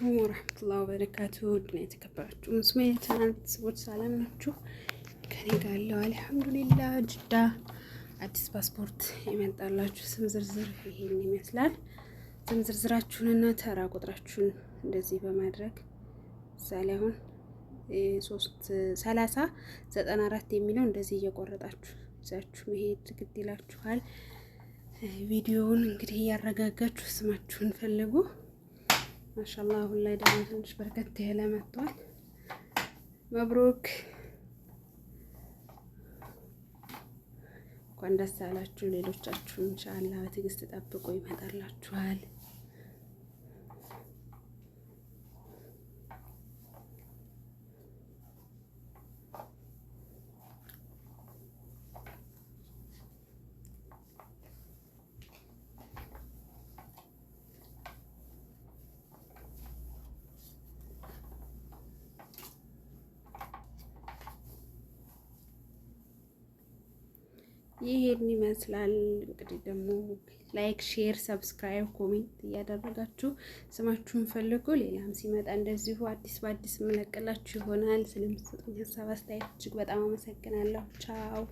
አለይኩም ወረህመቱላሂ ወበረካቱ ድና የተከበራችሁ ሙስሜ ቻናል ቤተሰቦች ሰላም ናችሁ? ከኔ ጋር ያለው አልሐምዱሊላህ። ጅዳ አዲስ ፓስፖርት የሚያጣላችሁ ስም ዝርዝር ይሄን ይመስላል። ስም ዝርዝራችሁንና ተራ ቁጥራችሁን እንደዚህ በማድረግ ምሳሌ አሁን ሶስት ሰላሳ ዘጠና አራት የሚለው እንደዚህ እየቆረጣችሁ ይዛችሁ መሄድ ግድ ይላችኋል። ቪዲዮውን እንግዲህ እያረጋጋችሁ ስማችሁን ፈልጉ። ማሻላ አሁን ላይ ደግሞ ትንሽ በርከት ያለ መጥቷል። መብሩክ እንኳን ደስ ያላችሁ። ሌሎቻችሁ እንሻላ በትዕግስት ጠብቆ ይመጣላችኋል። ይሄን ይመስላል እንግዲህ ደግሞ ላይክ ሼር ሰብስክራይብ ኮሜንት እያደረጋችሁ ስማችሁን ፈልጉ። ሌላም ሲመጣ እንደዚሁ አዲስ በአዲስ የምለቅላችሁ ይሆናል። ስለምትሰጡኝ ሀሳብ አስተያየት እጅግ በጣም አመሰግናለሁ። ቻው